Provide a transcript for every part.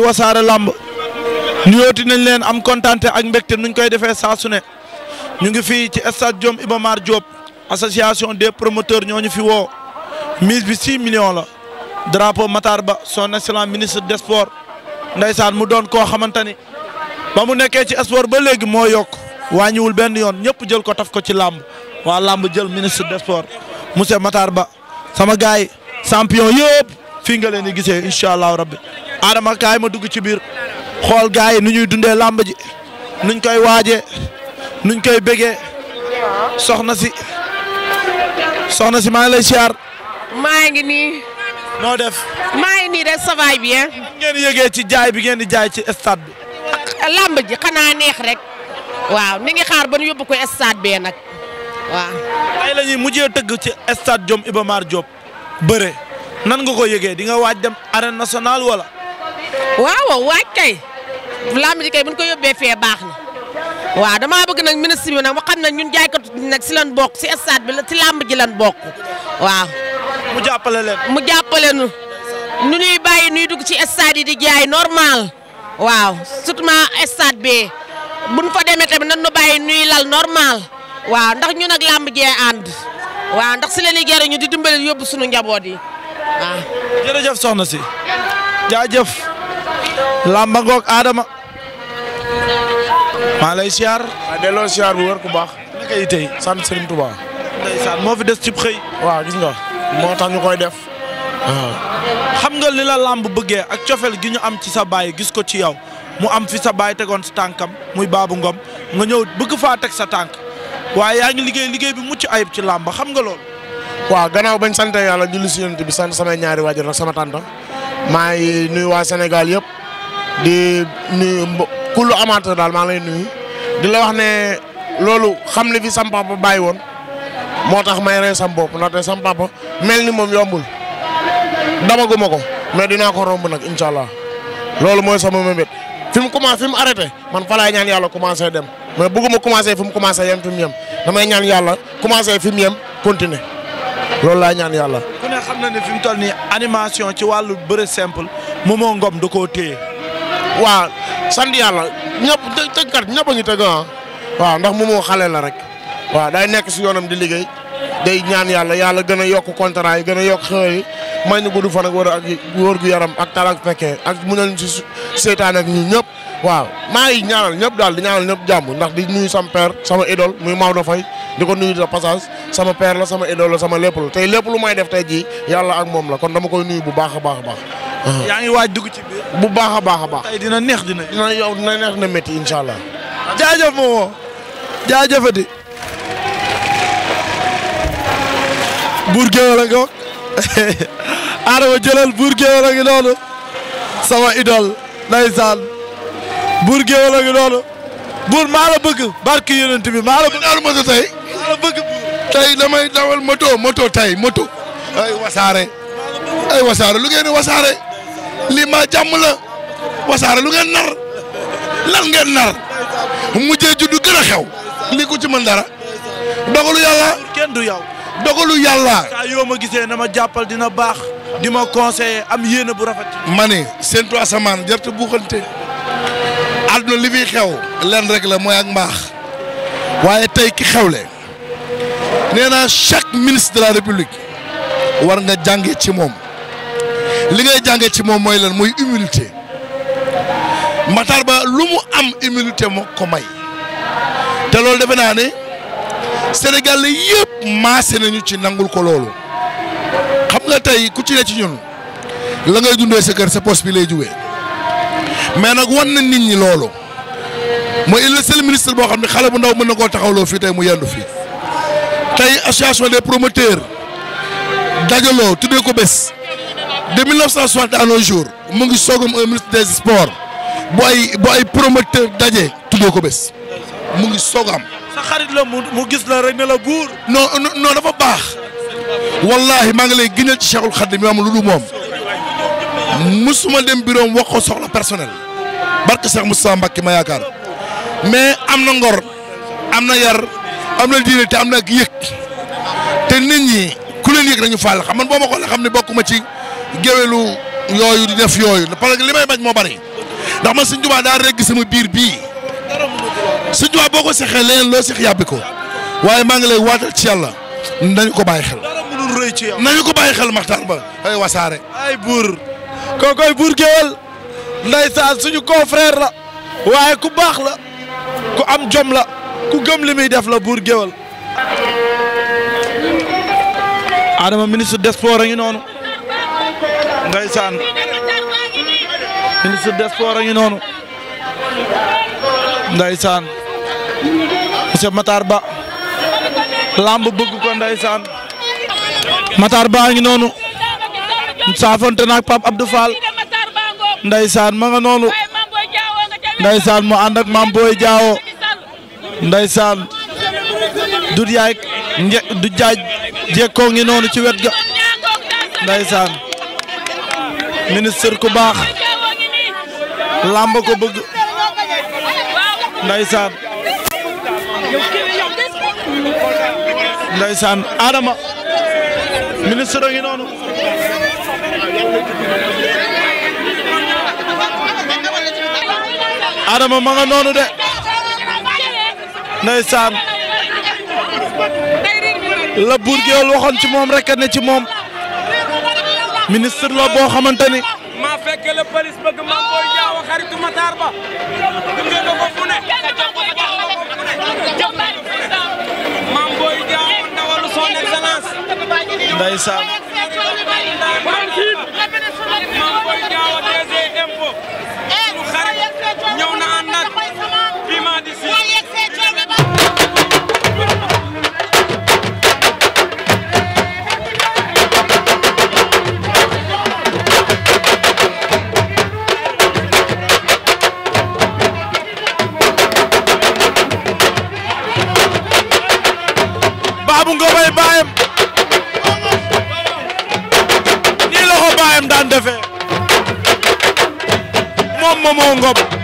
ci wasaare làmb nuyooti nañ leen am kontante ak mbégte nuñ koy defee saa su ne ñu ngi fii ci stade Diom Iba Mar Diop association des promoteurs ñoo ñu fi woo mise bi six million la drapeau Matar Ba son excellent ministre des sports ndeysaan mu doon koo xamante ni ba mu nekkee ci sport ba léegi moo yokk wàññiwul benn yoon ñëpp jël ko taf ko ci làmb waa làmb jël ministre des sports monsieur Matar Ba sama gaay champion yëpp fii nga leen di gisee incha allahu rabbi Adama kaay ma dugg ci biir xool gars yi nu ñuy dundee làmb ji nuñ koy waajee nuñ koy bégee soxna si soxna si maa ngi lay siyaar. maa ngi nii. noo def. maa ngi nii de ça va bien. ngeen yëgee ci jaay bi ngeen di jaay ci stade bi. làmb ji xanaa neex rek. waaw ni ngi xaar ba ñu yóbbu ko stade bee nag waaw. ay la mujjee tëgg ci stade Jom Iba Mar Diop. bëre nan nga ko yëgee di nga waaj dem arène nationale wala. waaw waaj kay lamb ji kay buñ ko yóbbee fee baax na waaw damaa bëgg nag ministre bi nag mu xam ne ñun jaaykat nag si lan bokk si stade bi si lamb ji lan bokk waaw. mu jàppale leen mu jàppale nu nu ñuy bàyyi nuy dugg ci stade yi di jaay normal waaw surtout stade bi buñ fa demee tamit nan nu bàyyi nuy lal normal waaw ndax ñu nag lamb jee ànd waaw ndax si la ñuy gërëm ñu di dimbali yóbbu sunu njaboot yi waaw. jërëjëf soxna si jaajëf. làmb ngoog Adama. maa lay siyaar. maa delloo siyaar bu wër ku baax. dina koy tey moo fi des cib xëy. waa gis nga moo tax ñu koy def. xam nga li la làmb bëggee ak cofel gi ñu am ci sa baay gis ko ci yow mu am fi sa baay tegoon sa tànkam muy baa bu Ngom nga ñëw bëgg faa teg sa tànk waaye yaa ngi liggéey liggéey bi mucc ayib ci làmb xam nga lool waa gannaaw bañ sant yàlla julli si yonent bi sant samay ñaari waajur ak sama tante maa ngi waa senegal yëpp. di nuyu ku lu amateur daal maa la lay nuyu di la wax ne loolu xam ne fi sam papa bàyyi woon moo tax may rey sam bopp ndaxte sam papa mel ni moom yombul damaguma ko mais dinaa ko romb nag incha allah loolu mooy sama mébét fi mu commencé fi mu man fa laay ñaan yàlla commencé dem mais bëgguma commencé fi mu commencé yem fi mu yem damay ñaan yàlla commencé fi mu yem continuer loolu laa ñaan yàlla. ku ne xam na ne fi mu tol nii animation ci wàllu bëre simple moom moo ngom da koo téye. waa sant yàlla ñëpp tëggkat ñëpp a ngi tëgg ah waaw ndax moom moo xale la rek waaw day nekk si yoonam di liggéey day ñaan yàlla yàlla gën a yokk contrat yi gën a yokk xëy yi may ñu gudd fan ak wër ak wër gu yaram ak ak fekkee ak muñal si seetaan ak ñun ñëpp waaw maa ngi ñaanal ñëpp daal di ñaanal ñëpp jàmm ndax di nuyu sama père sama idole muy Maodo Faye di ko nuyu de passage sama père la sama idole sama lépp la tey lépp lu may def tey jii yàlla ak moom la kon dama koy nuyu bu baax a baax a baax Uh-huh. yaa ngi waaj dugg ci bu baax a baax a baax. dina neex dina dina yow dina neex na métti incha allah. Ah, jaajëf ma buur géwél a ngoog. buur géwél a ngi noonu. sama idol ndeysaan. buur géwél a ngi noonu. buur maa la bëgg. barki yonent bi maa la bëgg. daal moto tey. moto moto moto. ay wasaare. ay wasaare. lii maa jàmm la wasaare lu ngeen nar lan ngeen nar mujjee juddu gën a xew lii ku ci mën dara dogalu yàlla kenn du yow dogalu yàlla saa yoo ma gisee na ma jàppal dina baax di ma conseiller am yéene bu rafet ma ni séentu asamaan jarte buuxante àdduna li fiy xew leen rek la mooy ak mbaax waaye tey ki xewle nee naa chaque ministre de la république war nga jàngee ci moom li ngay jàngee ci moom mooy lan mooy humilité Matar Ba lu mu am humilité moo ko may te loolu defe naa ne Sénégal la yëpp maase nañu ci nangul ko loolu xam nga tey ku ci ne ci ñun la ngay dundee sa kër sa poste bi lay jugee mais nag wan na nit ñi loolu mooy il est seul ministre boo xam ne xale bu ndaw mën na koo taxawloo fii tey mu yendu fii tey association des promoteurs dajaloo tuddee ko bés. de 1960 à nos jours mu ngi soogam un ministre des sports bu ay bu ay promoteur daje tuddoo ko bés mu ngi soogam. sa xarit la mu gis la rek ne la buur. non non dafa baax. wallahi maa ngi lay gënal ci Cheikhul Khadim am lu dul moom musuma dem bureau wax ko soxla personnel barke Cheikh Moussa Mbacké ma yaakaar mais am na ngor am na yar am na diine te am na yëg te nit ñi ku leen yëg dañu faal xam man boo ma xoolee xam ne ma ci. géwélu yooyu di def yooyu parce li may bañ moo bari ndax ma Sëñ Tuubaa daa regg sama biir bii Sëñ Tuubaa boo ko sexee loo sex yàbbi ko waaye maa ngi lay waatal ci yàlla nañu ko bàyyi xel. nañu ko bàyyi xel maxtaan ba ay wasaare. ay buur kookoy buur géwél ndeysaan suñu confrère la waaye ku baax la ku am jom la ku gëm li muy def la buur géwél Adama ministre des sports a ngi noonu. Ndeysaan ministre des sports a ngi noonu Ndeysaan monsieur Matar Ba lamb bëgg ko Ndeysaan Matar Ba a ngi noonu saafonte naag Pape Abdou Fall Ndeysaan ma nga noonu Ndeysaan mu ànd ak Mame Boye Diao Ndeysaan du jaaj jekkoo ngi noonu ci wet ga Ndeysaan ministre ku baax làmb ko bëgg ndaysaan ndaysaan Adama ministre ngi noonu Adama ma nga noonu de ndaysaan la buur gi waxoon ci moom rek ne ci moom ministre la boo xamante ni. maa fekk la police bëgg maa booy jaaw xaritu Matar Ba. gunge na ko fu ne. maa booy jaaw ndawalu son excellence. ndeysaan. moom Momo Ngom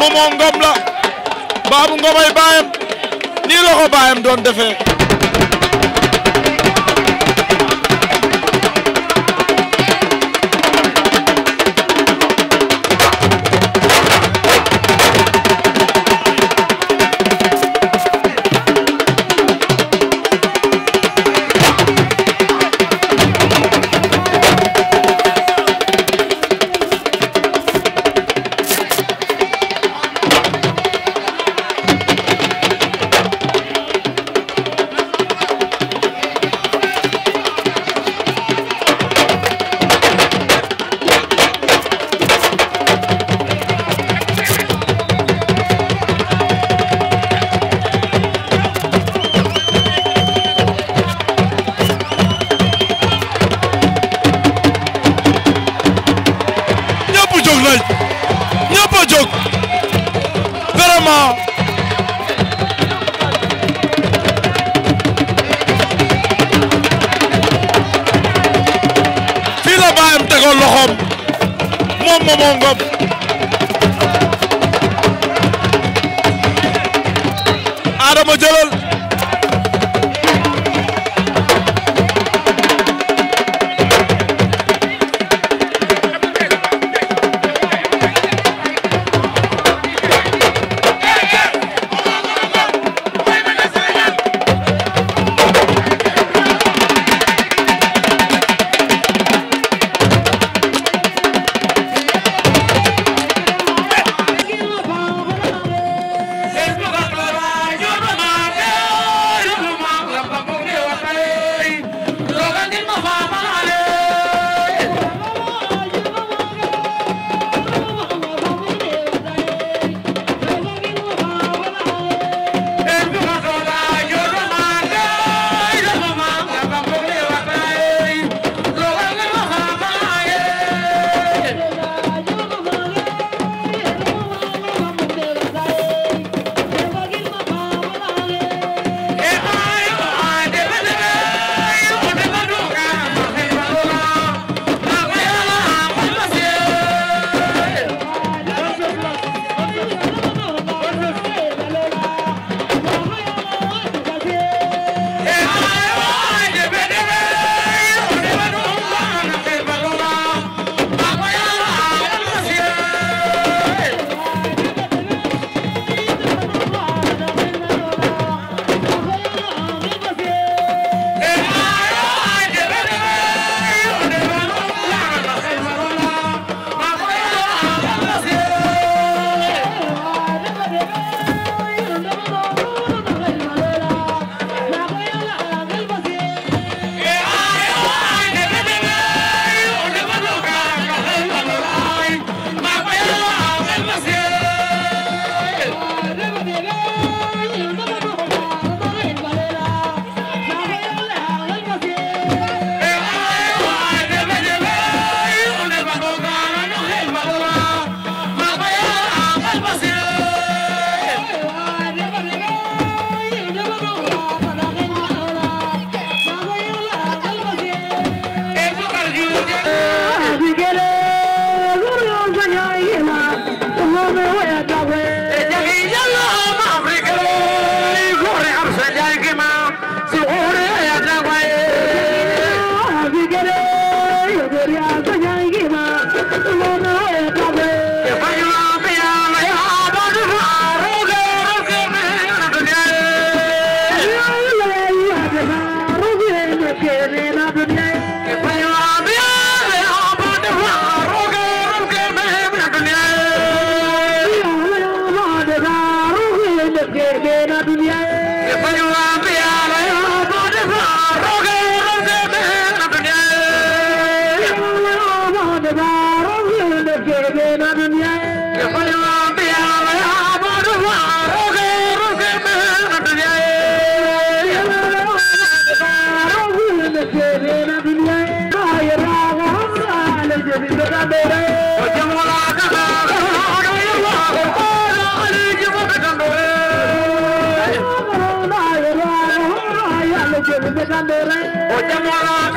Momo Ngom la Babou Ngom ay baayam nii la baayam doon defee combat fii la baayam tegoon loxoom moom moomoo Ngom Adama jëlal Bye.